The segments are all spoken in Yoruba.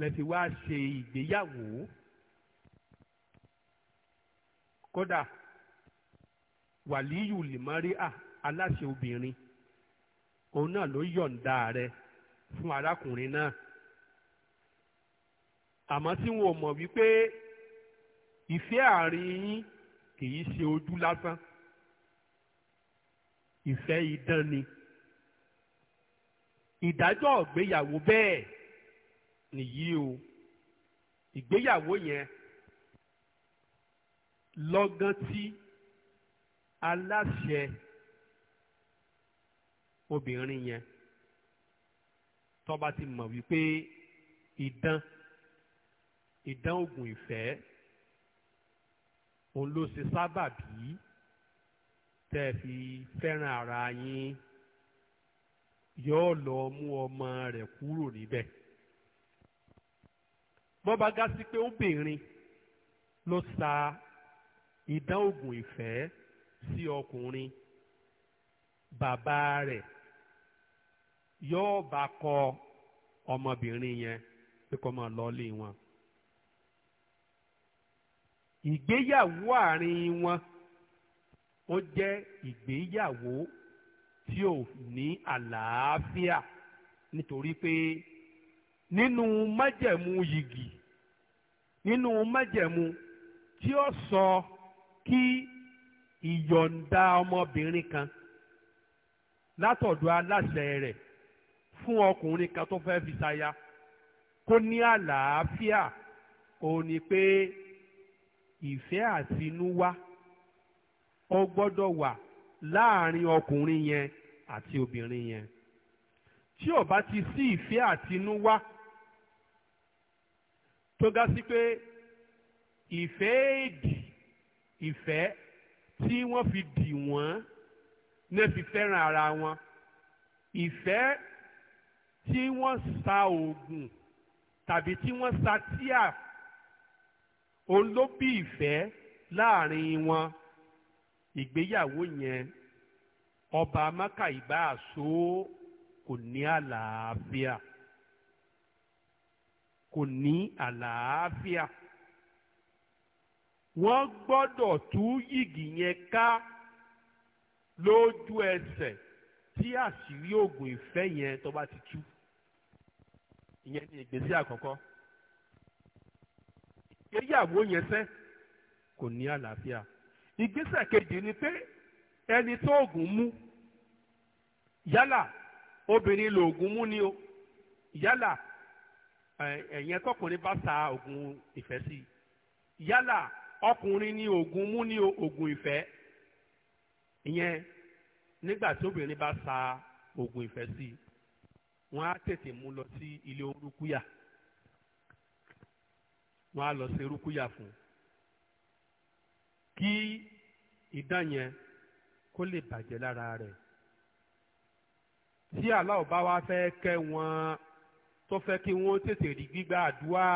lẹ́tí wá ṣe ìgbéyàwó kódà wàlíyù lìmọ́ríà aláṣẹ obìnrin òun náà ló yọ̀ǹda rẹ̀ fún arákùnrin náà àmọ́ tí wọn ò mọ̀ wípé ìfẹ́ àárín yín kì ṣe ojú lásán ìfẹ́ idán ni ìdájọ́ ìgbéyàwó bẹ́ẹ̀ nìyí o ìgbéyàwó yẹn lọ́gán tí aláṣẹ obìnrin yẹn tó bá ti mọ̀ wípé idán idán oògùn ìfẹ́ òun ló ṣe sábàbí tẹ́ ẹ fi fẹ́ràn ara yín yóò lọ mú ọmọ rẹ̀ kúrò níbẹ̀ bó bá gá sí pé obìnrin ló sa ìdán ògùn ìfẹ́ sí ọkùnrin bàbá rẹ̀ yóò bá kọ ọmọbìnrin yẹn pé kó máa lọ́ọ́lé wọn. ìgbéyàwó àárín wọn ó jẹ́ ìgbéyàwó tí ò ní àlàáfíà nítorí pé nínú májẹ̀mú yìgì nínú májẹ̀mú tí ó sọ kí ìyọ̀ǹda ọmọbìnrin kan látọ̀dọ̀ aláṣẹ rẹ̀ fún ọkùnrin kan tó fẹ́ẹ́ fi ṣaya kó ní àlàáfíà òun ni pé ìfẹ́ àtinúwá ó gbọ́dọ̀ wà láàrin ọkùnrin yẹn àti obìnrin yẹn tí ò bá ti sí ìfẹ́ àtinúwá tó ga sí pé ìfẹ́ èdì ìfẹ́ tí wọ́n fi dì wọ́n náà fi fẹ́ràn ara wọn ìfẹ́ tí wọ́n sa oògùn tàbí tí wọ́n sa tíà òun ló bí ìfẹ́ láàrin wọn ìgbéyàwó yẹn ọba amákàìbá àṣó kò ní àlàáfíà kò ní àlàáfíà wọ́n gbọ́dọ̀ tú yìgì yẹn ká lójú ẹsẹ̀ tí àṣírí oògùn ìfẹ́ yẹn tó bá ti tú ìyẹn ni ìgbésẹ̀ àkọ́kọ́ ìgbéyàwó yẹn sẹ́ kò ní àlàáfíà ìgbésẹ̀ kejì ni pé ẹni tó oògùn mú yálà obìnrin lòògùn mú ni o yálà ẹ̀yẹn tọkùnrin bá sa oògùn ìfẹ́ sí yálà ọkùnrin ní oògùn mú ní oògùn ìfẹ́ ìyẹn nígbà tí obìnrin bá sa oògùn ìfẹ́ sí wọ́n á tètè mú lọ sí ilé orúkúyà wọ́n á lọ sí orúkúyà fún kí ìdán yẹn kó lè bàjẹ́ lára rẹ̀ tí aláwọ̀ bá wá fẹ́ kẹ́ wọn tó fẹ́ kí wọ́n tètè rí gbígbà àdúrà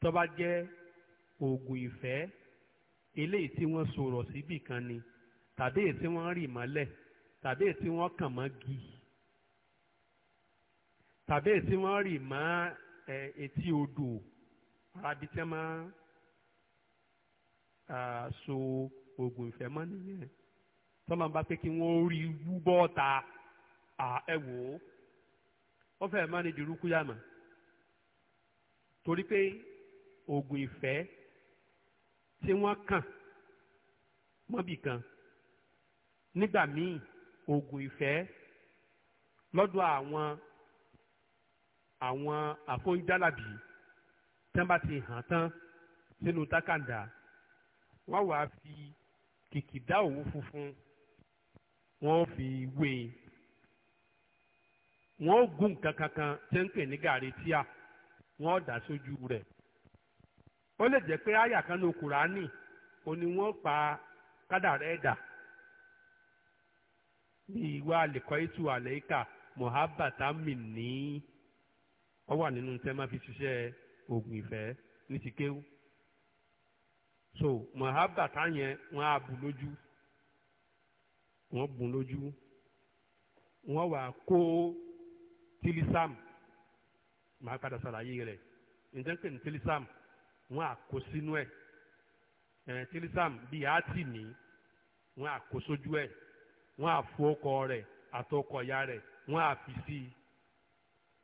tó bá jẹ́ oògùn ìfẹ́ eléyìí tí wọ́n sọ̀rọ̀ síbì kan ni tàbí èyí tí wọ́n rì mọ́lẹ̀ tàbí èyí tí wọ́n kàn mọ́ gi tàbí èyí tí wọ́n rì mọ́ etí odò arabi tí wọ́n máa so oògùn ìfẹ́ mọ́ nìyẹn tọ́lọ́mbà pé kí wọ́n rí wú bọ́ọ̀ta à ẹ wò ó wọ́n fẹ́ẹ́ má ní dirúkú yàmà torí pé oògùn ìfẹ́ tí wọ́n kàn mọ́bì kan nígbà míì oògùn ìfẹ́ lọ́dọ̀ àwọn àwọn àfọ̀njálàbí tán ti hàn tán sínú tákàndá wọ́n wàá fi kìkìdá òwú funfun wọ́n fi wé e. wọ́n gún nǹkan kankan tẹ́ ń pè ní gàrí tíà wọ́n dà sójú rẹ̀ ó lè jẹ́ pé àyà kan ní kùránì ó ní wọ́n pa kádàrá ẹ̀dà iwa ìwà àlèkọ́ ètò àlẹ́kà mohabata mini ọ wà nínú tẹ́ máa fi ṣiṣẹ́ oògùn ìfẹ́ ní ti kéwú so mohabata yẹn wọ́n á bu lójú wọ́n bùn lójú wọ́n wà kó. tilisam màá padà sàlàyé rẹ̀ ǹjẹ́ pé ní tilisam wọ́n á ẹ̀ ẹ̀ tilisam bíi àti ní wọ́n á kó sójú ẹ̀ wọ́n á fún ọkọ rẹ̀ àtọkọ ìyá rẹ̀ wọ́n á fi sí i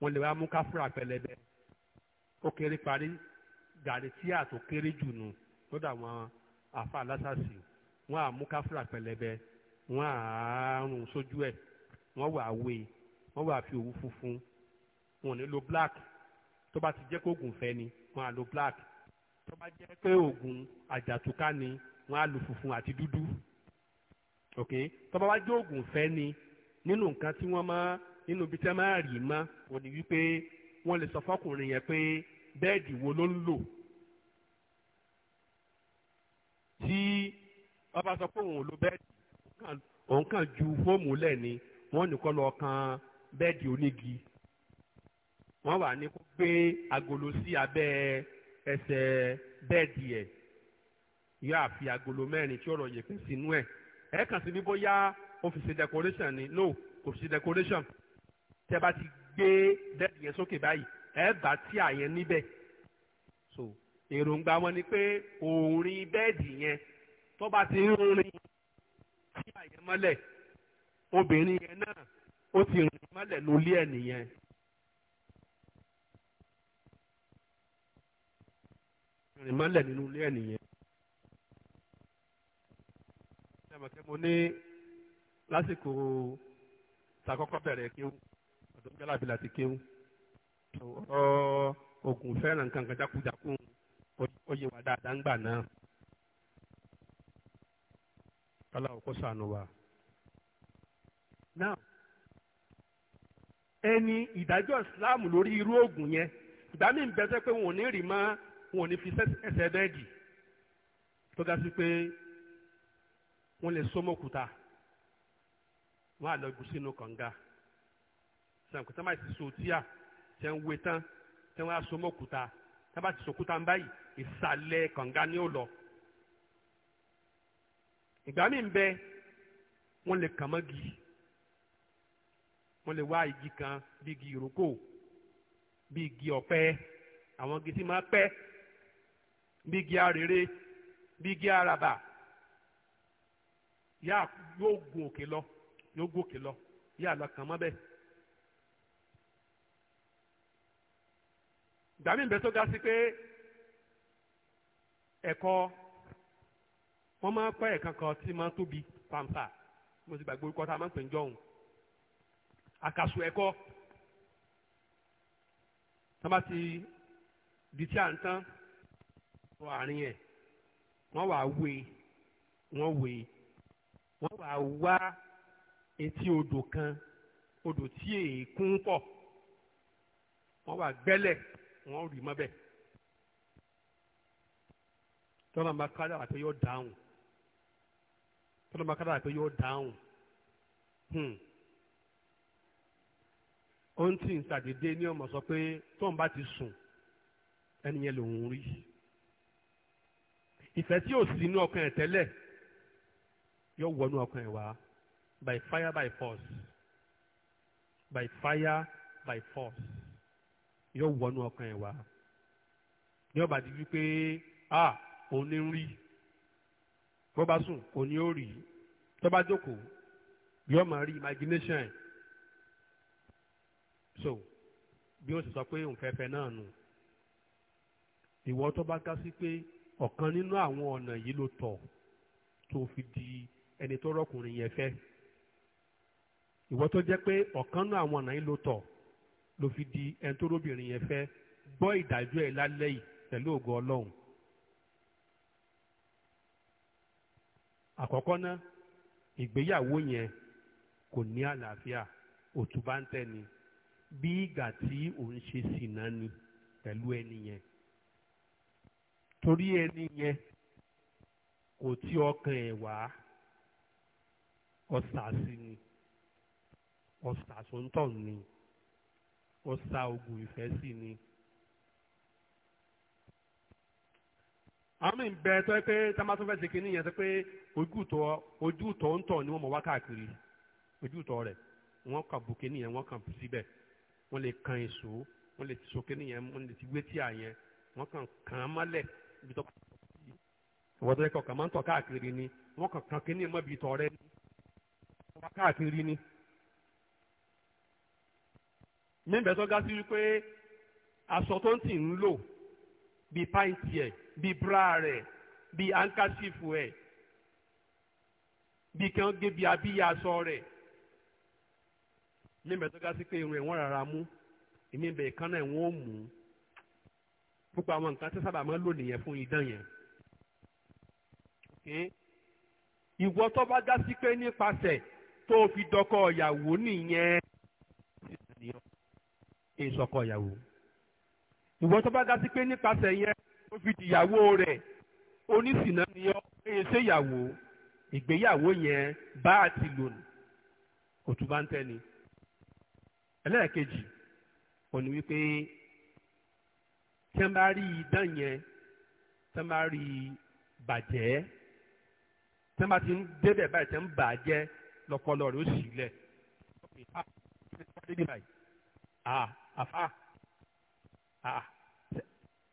wọ́n lè wá mú káfúrà pẹlẹbẹ ó kéré parí gàrí tí àtò kéré jù nù lọ́dọ̀ àwọn àfa alásàsì wọ́n á mú pẹlẹbẹ wọ́n á sójú ẹ̀ wọ́n wà á wọ́n wà fi òwú funfun wọn ò ní lo black tó bá ti jẹ́ pé oògùn fẹ́ ni wọ́n á lo black tó bá jẹ́ pé oògùn àjàtúká ni wọ́n á lo funfun àti dúdú ok tó bá wá jẹ́ oògùn fẹ́ ni nínú nǹkan tí wọ́n máa nínú ibi tí wọ́n máa rì mọ́ wọ́n ní wípé wọ́n lè sọ fọ́kùnrin yẹn pé bẹ́ẹ̀dì wo ló ń lò tí wọ́n sọ pé òun ò lo bẹ́ẹ̀dì òun kàn ju fóòmù lẹ̀ ni wọ́n nìkan lọ kan bẹ́ẹ̀dì onígi wọ́n wà ní kó gbé agolo sí abẹ́ ẹsẹ̀ bẹ́ẹ̀dì ẹ̀ yóò àfi agolo mẹ́rin tí ọ̀rọ̀ yẹ̀pẹ̀ sínú ẹ̀ ẹ̀ kàn sí bí bóyá ó decoration ni no kò fi ṣe decoration tẹ́ bá ti gbé bẹ́ẹ̀dì yẹn sókè báyìí ẹ̀ bá tí àyẹn níbẹ̀ so èròǹgbà wọn ni pé òórìn bẹ́ẹ̀dì yẹn tó bá ti ń rin tí àyẹn mọ́lẹ̀ obìnrin yẹn náà ó ti rìn mọ́lẹ̀ lólé ẹ̀ nìyẹn. rìn mọ́lẹ̀ nínú ilé ẹ̀ nìyẹn. ṣàmọ̀kẹ́ mo ní lásìkò takọ́kọ́ bẹ̀rẹ̀ kéwù ọ̀dọ́ jálàbí láti kéwù ọ̀rọ̀ ogun fẹ́ràn nǹkan kan jákujàku ó yẹ wà dáadáa ńgbà náà. kálá òkú sànù wa. now ẹni ìdájọ́ islam lórí irú oògùn yẹn ìgbà míì ń bẹ sẹ́ pé wọn ò ní rì mọ́ wọn ò ní fi ẹsẹ̀ bẹ́ẹ̀dì tó ga sí pé wọ́n lè so mọ́kúta wọ́n á lọ gùn sínú kànga sànkú tí wọ́n bá ti so tíà tẹ́ ń wé tán tẹ́ wọ́n á so mọ́kúta tí wọ́n bá ti so kúta báyìí ìsàlẹ̀ kànga ni ó lọ ìgbà míì ń bẹ lè kàn mọ́gi wọ́n lè wá igi kan bí igi ìrókò bí igi ọ̀pẹ àwọn igi tí máa pẹ́ bí igi arèrè bí igi araba yóò gun òkè lọ yóò gun òkè lọ yóò lọ kàn mọ́ bẹ́ẹ̀. gbàmí ìbẹ́ tó ga sí pé ẹ̀kọ́ wọ́n máa ń pẹ́ ẹ̀kan kan tí máa ń tóbi pàmpà mo ti gbàgbé orúkọ tá a máa ń pè ń jọ̀hún àkàsù ẹ̀kọ́ tá bá ti di tí à ń tán wọ àárín ẹ̀ wọ́n wàá wé wọ́n wé wọ́n wàá wá etí odò kan odò tí èèkún pọ̀ wọ́n wàá gbẹ́lẹ̀ wọ́n rì mọ́bẹ̀ tọ́lá máa kádà àti yọ dáhùn tọ́lá máa kádà àti yọ dáhùn. Hmm ohun tí ń ṣàdédé ní ọmọ sọ pé tóun bá ti sùn ẹni yẹn lòun rí ìfẹ́ tí ò sí inú ọkàn ẹ̀ tẹ́lẹ̀ yóò wọnú ọkàn ẹ̀ wá by fire by force by fire by force yóò wọnú ọkàn ẹ̀ wá yóò bá di wípé a òun ní rí bó bá sùn òun ní ó rí tó bá jókòó yóò máa rí imagination so bí ó sì sọ pé òun fẹ́fẹ́ náà nù ìwọ tó bá ká sí pé ọ̀kan nínú àwọn ọ̀nà yìí ló tọ̀ tó fi di ẹni tó rọ́kùnrin yẹn fẹ́ ìwọ tó jẹ́ pé ọ̀kan nínú àwọn ọ̀nà yìí ló tọ̀ ló fi di ẹni tó róbìnrin yẹn fẹ́ gbọ́ ìdájọ́ ẹ̀ lálẹ́ yìí pẹ̀lú ògo ọlọ́run àkọ́kọ́ náà ìgbéyàwó yẹn kò ní àlàáfíà òtún bá ń tẹ́ ni. bí ìgbà tí òun ṣe sìnà ni pẹ̀lú ẹni yẹn torí ẹni yẹn kò tí ọkàn ẹ̀ wá ọ̀sà sí ni ọ̀sà sóńtọ̀ ni ọ̀sà oògùn ìfẹ́ sí ni. àmì bẹ tó yẹ pé tamátó fẹ́ ṣe kínní yẹn tó pé ojútọ ojútọ ń tọ̀ ni wọ́n mọ̀ wá káàkiri ojútọ rẹ̀ wọ́n kà bù kínní yẹn wọ́n kà bù síbẹ̀. wọ́n lè kan èso wọ́n lè ti sókè nìyẹn wọ́n lè ti gbé tíà yẹn wọ́n kàn kàn án mọ́lẹ̀ ibi tó kàn sí ìwọ́n tó yẹ kọ̀ kàn máa ń tọ̀ káàkiri ni wọ́n kàn kàn kíní mọ́ ibi tọ̀ rẹ ni wọ́n bá káàkiri ni. mímbẹ́ tó ga sí wípé aṣọ tó ń tì ń lò bíi pàǹtì ẹ̀ bíi bra rẹ̀ bíi ankasifu ẹ̀ bíi kí wọ́n gé bíi abíyá aṣọ rẹ̀ níbẹ̀ tó ká sí pé irun ẹ̀ wọ́n rárá mú ìmí ibẹ̀ ìkànnà ẹ̀ wọ́n ó mú gbogbo àwọn nǹkan tí sábà máa ń lò nìyẹn fún idán yẹn. ìwọ tó bá já sí pé nípasẹ̀ tó fi dọkọ ìyàwó nìyẹn ìsọkọ ìyàwó ìwọ tó bá já sí pé nípasẹ̀ yẹn tó fi dìyàwó rẹ̀ onísìnà ni ọ ẹyẹ ṣèyàwó ìgbéyàwó yẹn bá àti lòun kò tún bá ń tẹ́ ni ẹlẹ́ẹ̀kejì ó ní wípé tí wọ́n bá rí idán yẹn tí wọ́n bá rí bàjẹ́ tí wọ́n bá ti ń débẹ̀ báyìí tí ń bàjẹ́ lọ́pọlọ rẹ̀ ó sì lẹ̀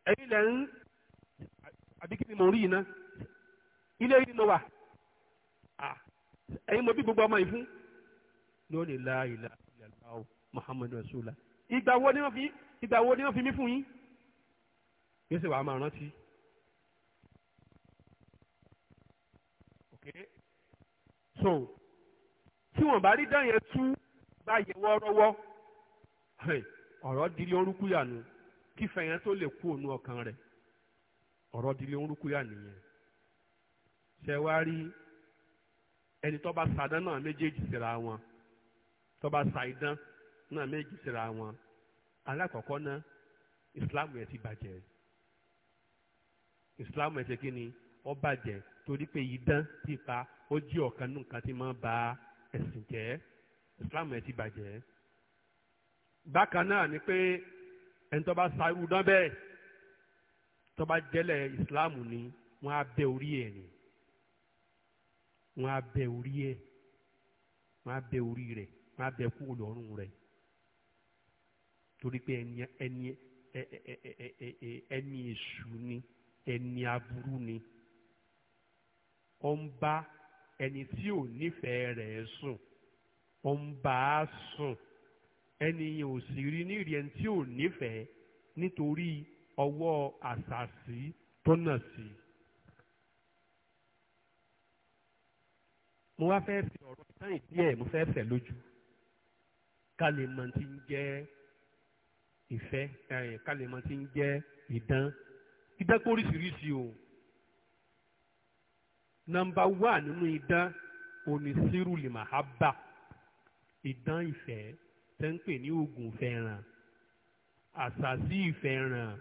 ẹ̀yin lẹ́ ń àbíkí ni mo rí iná ilé yìí ló wà ẹ̀yin mo bí gbogbo ọmọ yìí fún lónìí láàyè láàyè lọ́wọ́ muhammadu rasulullah ìgbà wo ni wọ́n fi ìgbà wo ni wọ́n fi mí fún yín yóò sì wàá máa rántí. so tí wọ́n bá rí dáyẹn tú báyìí wọ́ọ́rọ́wọ́ ọ̀rọ̀ dilé orúkúyà nu kí fẹ̀yẹn tó lè kú òun ọkàn rẹ̀ ọ̀rọ̀ dilé orúkúyà nìyẹn ṣe wá rí ẹni tó bá sa idán náà méjèèjì síra wọn tó bá sa idán náà méjì síra wọn alákọ̀ọ́kọ́ náà ìsìláàmù ẹ̀ ti bàjẹ́ ìsìláàmù ẹ̀ ṣe kí ni ó bàjẹ́ torí pé idán ti pa ó jí ọ̀kan nù kan ti máa ba ẹ̀sìn jẹ́ ìsìláàmù ẹ̀ ti bàjẹ́ bákan náà ni pé ẹni tó bá sáré dán bẹ́ẹ̀ tó bá jẹ́lẹ̀ ìsìláàmù ni wọ́n á bẹ́ orí ẹ̀ ni wọ́n á bẹ́ orí ẹ̀ wọ́n á bẹ́ orí rẹ̀ wọ́n á bẹ́ kúrò lọ́rùn rẹ̀ torí pé ẹni ẹni ẹni èṣù ni ẹni aburú ni ó ń bá ẹni tí ò nífẹ̀ẹ́ rẹ̀ sùn ó ń bá a sùn ẹni yẹn ò sì rí ní ìrìn ẹni tí ò nífẹ̀ẹ́ nítorí ọwọ́ àṣàṣì tó nà sí. mo wá fẹ́ fi ọ̀rọ̀ sáyìn díẹ̀ mo fẹ́ fẹ̀ lójú ká lè mọ ti ń jẹ́ ìfẹ́ kálẹ̀mọ́ ti ń jẹ́ ìdán ìdán kó oríṣiríṣi o nọ́mbà wà nínú ìdán onísírù lè máa bá ìdán ìfẹ́ tẹ́ ń pè ní oògùn fẹ́ràn àṣàṣì ìfẹ́ràn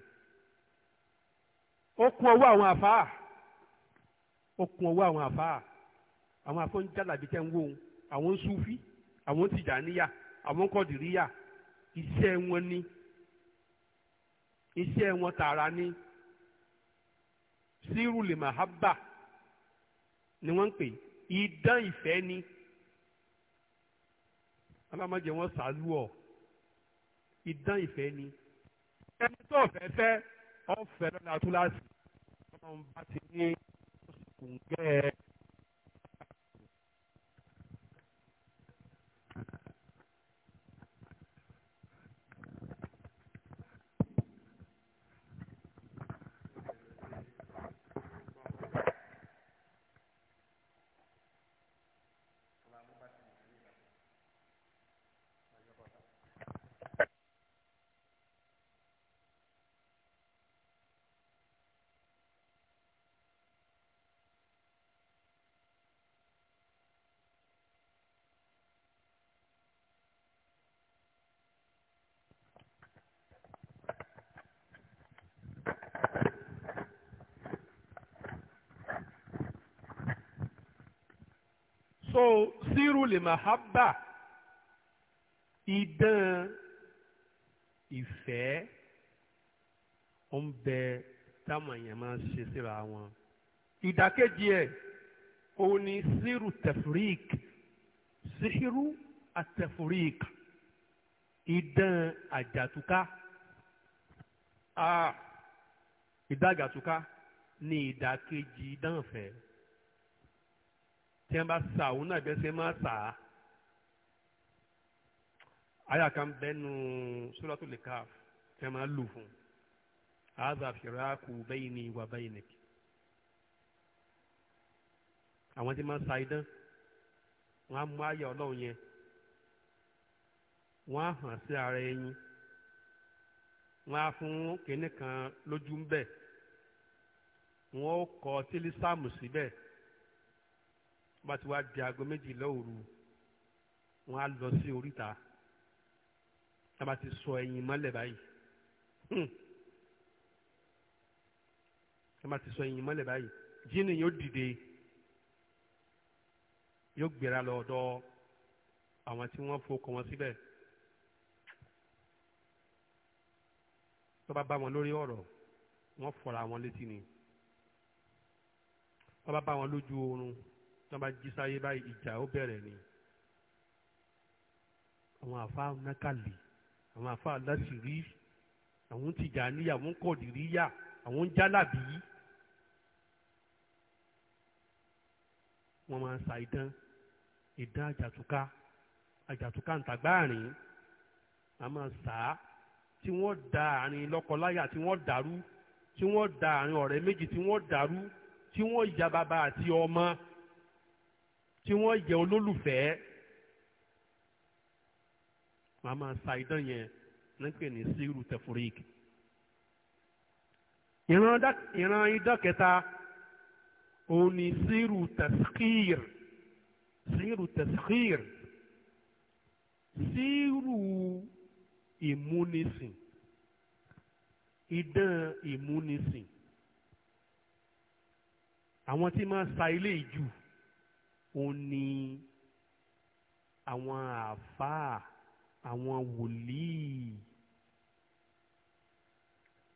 ó kún ọwọ́ àwọn àfáà ó kún ọwọ́ àwọn àfáà àwọn afọ́ ń jálàbí tẹ́ ń wò ó àwọn ń súfí àwọn ń tìjàníyà àwọn ń kọ́dìríyà iṣẹ́ wọn ni iṣẹ́ wọn tààrà ní sírùlì mahaba ni wọ́n ń pè idán ìfẹ́ ni alámọ̀jẹ wọn sàlù ọ̀ idán ìfẹ́ ni ẹni tó fẹ́ fẹ́ ọ̀fẹ́ lọ́la túláàsì ọmọ bá ti ní oṣù kùn gẹ́ẹ́. so sírù lè máa hábà idán ìfẹ́ ó ń bẹ táwọn èèyàn máa ń ṣe síra wọn ìdàkejì ẹ̀ òun ni sírù tẹfrík sírù àtẹfrík idán àjàtúká ah, ìdá àjàtúká ni ìdàkejì idán ìfẹ́ tí wọ́n bá sà òun náà bẹ́ẹ̀ ṣe máa sà á. àyà kan bẹ́nu Suratul Kahf tí wọ́n máa lù fún hadha firaqu bayni wa baynik. àwọn tí máa sa idán wọ́n á mú àyà ọlọ́run yẹn wọ́n á hàn sí ara ẹyin wọ́n á fún kínní kan lójú ń bẹ̀ wọ́n ó kọ tílísàmù síbẹ̀. Si bá ti wá di aago méjìlá òru wọn á lọ sí oríta tá a bá ti sọ ẹyin mọ́lẹ̀ báyìí hmm. tá a bá ti sọ ẹyin mọ́lẹ̀ báyìí jíìnì yóò dìde yóò gbéra lọ ọ̀dọ̀ àwọn tí wọ́n fọkọ wọn síbẹ̀ tó bá bá wọn lórí ọ̀rọ̀ wọ́n fọra wọn létí ni wọ́n bá wọn lójú oorun tí wọ́n bá jí sáyé báyìí ìjà ó bẹ̀rẹ̀ ni àwọn àfa nákàlì àwọn àfa aláṣìírí àwọn tìjàníyà àwọn kọ̀dìríyà àwọn jálàbí wọ́n máa ń sa idán idán àjàtúká àjàtúká ntàgbáàrin a máa sà á tí wọ́n da àárín lọ́kọláya tí wọ́n dàrú tí wọ́n da àárín ọ̀rẹ́ méjì tí wọ́n dàrú tí wọ́n ya bàbá àti ọmọ tí wọ́n jẹ́ olólùfẹ́ màá máa sa idán yẹn nípè ní síru tẹfurik ìran idán kẹta òun ni síru tẹsikir síru tẹsikir síru ìmúnisìn idán ìmúnisìn àwọn tí máa sa ilé ìjù òun ni àwọn àáfàá àwọn wòlíì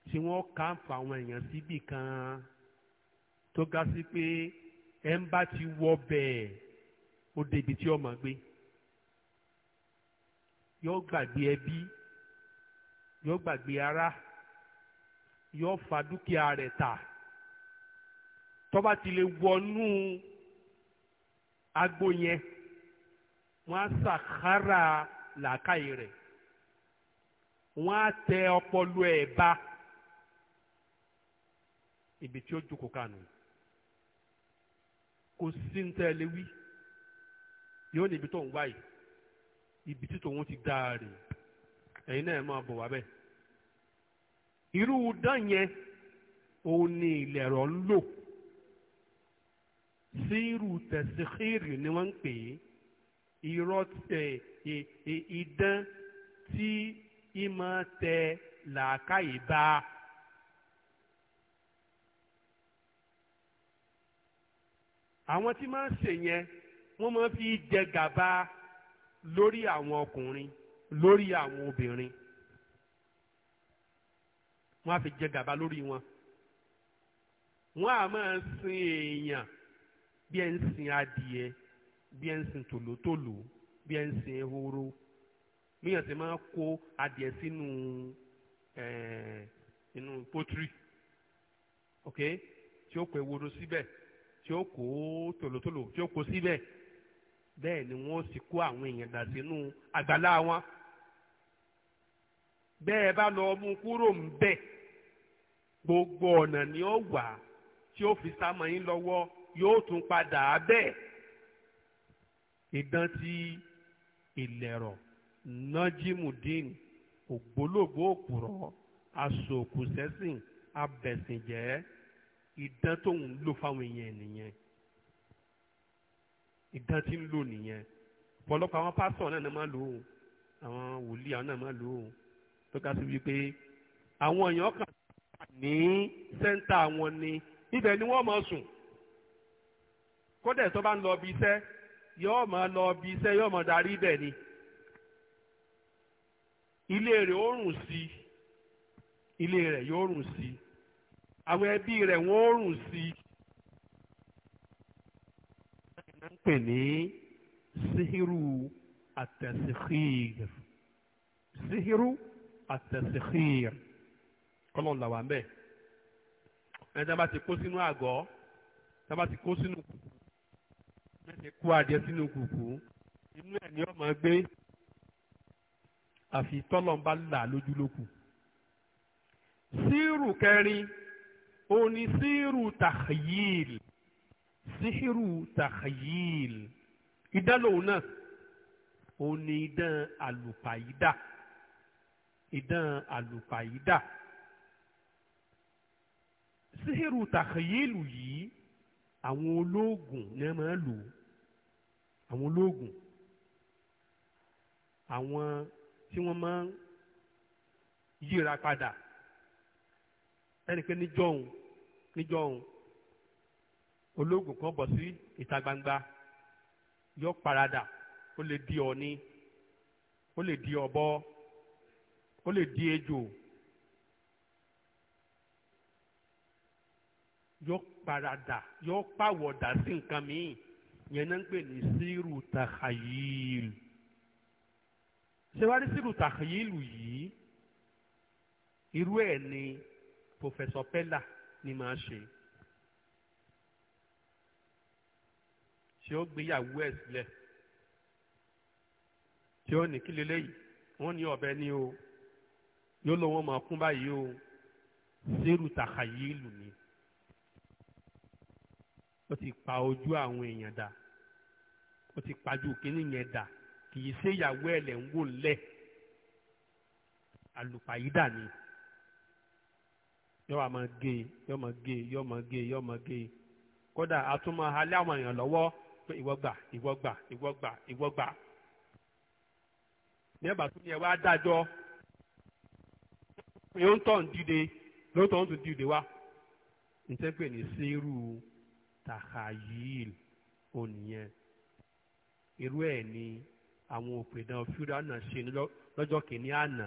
tí wọ́n kàǹfà àwọn èèyàn síbì kan tó ga sí pé ẹ ń bá ti wọ bẹ́ẹ̀ ó débi tí ọmọ gbé yóò gbàgbé ẹbí yóò gbàgbé ará yóò fa dúkìá rẹ̀ tà tó ti lè wọnú agbo yẹn wọ́n á sàkárà làákàyè rẹ̀ wọ́n á tẹ ọpọlọ ẹ̀ bá ibi tí ó jókòó kànú kò sí ń tẹ́ ẹ léwí yóò ní ibi tó ń wá ibi tí tòun ti dáa rè ẹ̀yin náà máa bọ̀ wá bẹ́ẹ̀ irú dán yẹn òun ni ilẹ̀ ń lò síìrù tẹ̀síkìrì ni wọ́n ń pè é irọ́ idán tí ìmọ̀ tẹ làákàyè bá. àwọn tí máa ń ṣe yẹn wọ́n máa fi jẹ gàba lórí àwọn ọkùnrin lórí àwọn obìnrin wọ́n á fi jẹ gàba lórí wọn wọ́n á máa sin èèyàn bí ẹ ń sin adìẹ bí ẹ ń sin tòlótòló bí ẹ ń sin ehoro míyàn sì máa kó adìẹ sínú eh, inú pọ́tírì ok tí o kó ehoro síbẹ̀ tí ó kó tòlótòló tí ó kó síbẹ̀ bẹ́ẹ̀ ni wọn si kó àwọn èèyàn dà sínú àgbàlá wọn bẹ́ẹ̀ bá lọ mú kúrò ń bẹ̀ gbogbo ọ̀nà ni ó wà tí ó fi sá mọ́ yín lọ́wọ́ yóò tún padà bẹ́ẹ̀ ìdán ti ìlẹ̀rọ̀ nájímùdín ògbólógbò òpùrọ̀ asòkùsẹ́sìn abẹ̀sìnjẹ́ ìdán tóun lò fáwọn èèyàn nìyẹn ìdán tí ń lò nìyẹn ọ̀pọ̀lọpọ̀ àwọn pásítọ̀ náà máa lò ó àwọn wòlíì àwọn náà máa lò ó tó ká sí wípé àwọn èèyàn kan ní sẹ́ńtà wọn ni ibẹ̀ ni wọ́n máa sùn kódà tó bá ń lọ ibi iṣẹ́ yóò máa lọ ibi iṣẹ́ yóò máa darí ibẹ̀ ni ilé rẹ̀ ó rùn sí ilé rẹ̀ yóò rùn sí àwọn ẹbí rẹ̀ wọ́n ó rùn sí ń pè ní síhírù àtẹ̀síhìr síhírù àtẹ̀síhìr kọ́lọ́n làwọn bẹ́ẹ̀ ẹni tí wọ́n bá ti kó sínú àgọ́ tí bá ti kó sínú kùkù mẹ́ni kó adìẹ sínú kùkù inú ẹ̀ ni ọmọ gbé àfi tọ́lọ́mbà là lójú lókù. síìrù kẹrin òun ni síìrù tàkìyìl síìrù tàkìyìl idán lòun náà òun ni idán àlùpàyídà idán àlùpàyídà síìrù tàkìyìl yìí àwọn olóògùn ni wọ́n máa ń lò ó àwọn olóògùn àwọn tí wọ́n máa ń yíra padà ẹni pé níjọ́hun níjọ́hun olóògùn kan bọ̀ sí ìta gbangba yọ parada ó lè di ọ̀ni ó lè di ọ̀bọ ó lè di ejò yọ Parada. yóò pàwọ̀dà sí nǹkan míì yẹn náà ń pè ní sírù tàkàyìlù ṣèwádìí sírù tàkàyìlù yìí irú ẹ̀ ni pòfẹ́sọ̀ pẹ́là ni màá ṣe tí ó gbéyàwó ẹ̀ sílẹ̀ tí ó ní kí leléyìí wọ́n ní ọ̀bẹ ní o yóò lọ wọ́n máa kún báyìí o sírù tàkàyìlù ni ó ti pa ojú àwọn èèyàn dà ó ti pajú kínní yẹn dà kì í ṣe ìyàwó ẹ̀ ń wò lẹ̀ àlùpàyídà ni yọ wà máa gé yọ máa gé yọ máa gé yọ máa gé kódà a tún máa halẹ́ àwọn èèyàn lọ́wọ́ pé ìwọ gbà ìwọ gbà ìwọ gbà ìwọ gbà ní ẹ̀bà tó yẹ wá dájọ́ pé ń dìde ló ń tún dìde wá ní sẹ́pẹ̀ ní sẹ́rù tahayil ònìyẹn irú ẹ̀ ni àwọn òpèdàn fúlànà ṣe lọ́jọ́ kìíní àná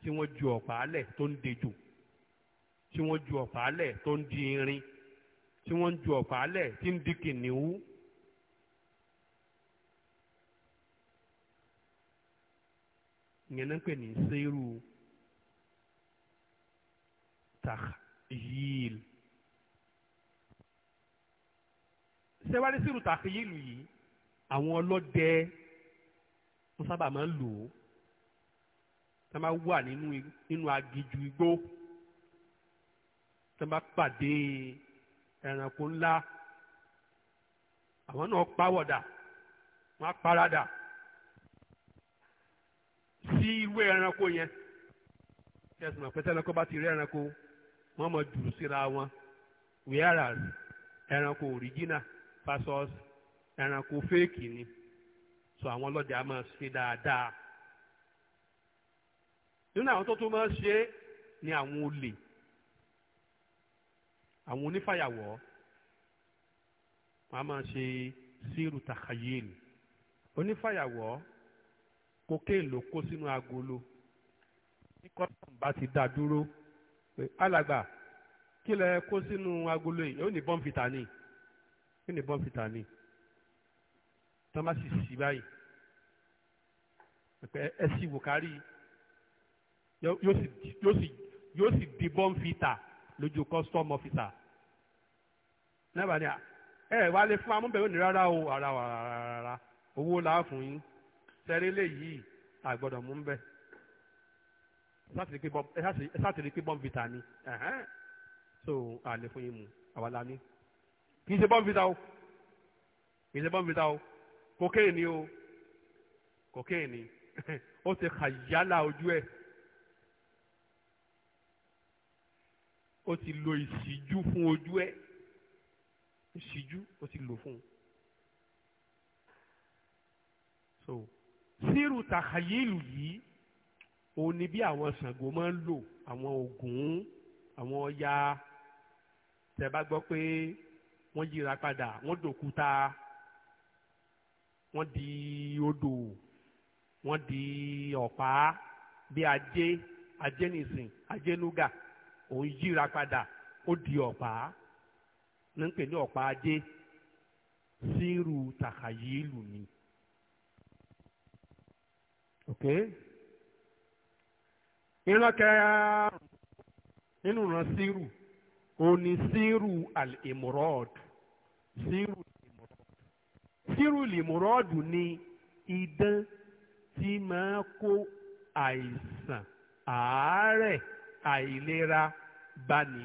tí wọ́n ju ọ̀pá alẹ̀ tó ń dejò tí wọ́n ju ọ̀pá alẹ̀ tó ń di irin tí wọ́n ń ju ọ̀pá alẹ̀ tí ń di kìnìún. ìyẹn náà ń pè ní sẹ́wárí sí ìrùtàkì yìí lù yìí àwọn ọlọ́dẹ wọ́n sábà máa ń lò ó tá máa wà nínú nínú agiju igbó tá máa pàdé ẹranko ńlá àwọn náà pàwọ̀dà wọ́n á paradà sí irú ẹranko yẹn ẹsùn àpẹtẹ ẹranko bá ti rí ẹranko wọ́n mọ̀ jù síra wọn wíyàrá ẹranko òrìjínà versus ẹranko fèèkì ni so àwọn ọlọ́jà máa ṣe dáadáa nínú àwọn tó tún máa ṣe ni àwọn olè àwọn onífàyàwọ́ wọ́n á máa ṣe síru takayel onífàyàwọ́ kokéèn ló kó sínú agolo tí kọ́tọ̀n bá ti dá dúró alàgbà kí lẹ kó sínú agolo yìí ó ní bọ́ǹfìtà ni kí ni bọ́ǹfìtà ni tọ́másì sì báyìí pẹ̀pẹ́ ẹ sì wò kárí yóò sì di bọ́ǹfìtà lójú custom officer náà bá ní à ẹ wá lè fún amúbẹ̀wò ní rárá o rárá rárá owó làá fún yín sẹ́rí léyìí àgbọ̀dọ̀ mú bẹ́ẹ̀ ẹ sáà ti rí pé bọ́ǹfìtà ni so àlè fún yín mu àwa la ní kì í ṣe bọ́ǹfìtà o kì í ṣe bọ́ǹfìtà o kokéènì o kokéènì ó ti kàyálà ojú ẹ̀ ó ti lo ìṣíjú fún ojú ẹ̀ ìṣíjú ó ti lò fún un so sírù tàkàyílù yìí òun ni bí àwọn Ṣàngó máa ń lò àwọn Ògún àwọn Ọya tẹ́ bá gbọ́ pé wọ́n yíra padà wọ́n dòkúta wọ́n di odò wọ́n di ọ̀pá bí ajé ajé nìsín ajé lúgà òun yíra padà ó di ọ̀pá ní pè ní ọ̀pá ajé sírù tàkàyílù ni. ok nínú ìran òun ni sírù al-imrod sírùlì mùrọ́ọ̀dù ni idán tí máa kó àìsàn àárẹ̀ àìlera bani.